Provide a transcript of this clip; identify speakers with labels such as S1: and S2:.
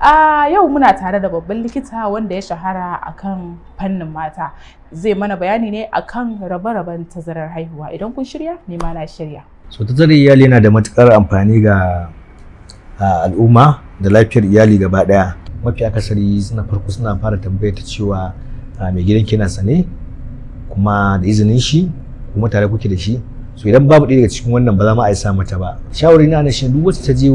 S1: a yau muna tare da babban likita wanda ya shahara akan fannin mata zai mana bayani ne akan rabe-raben tazarar haihuwa idan kun shirya ne ma na shirya
S2: so tazarar iyali yana da matukar amfani ga al'umma da lafiyar iyali gaba daya mafi akasari suna farko suna fara tambaya ta cewa mai gidan kina sane kuma da izinin shi kuma tare kuke da shi so idan babu ɗaya daga cikin wannan ba za mu aisa mata ba shawari na shi duk wacce ta je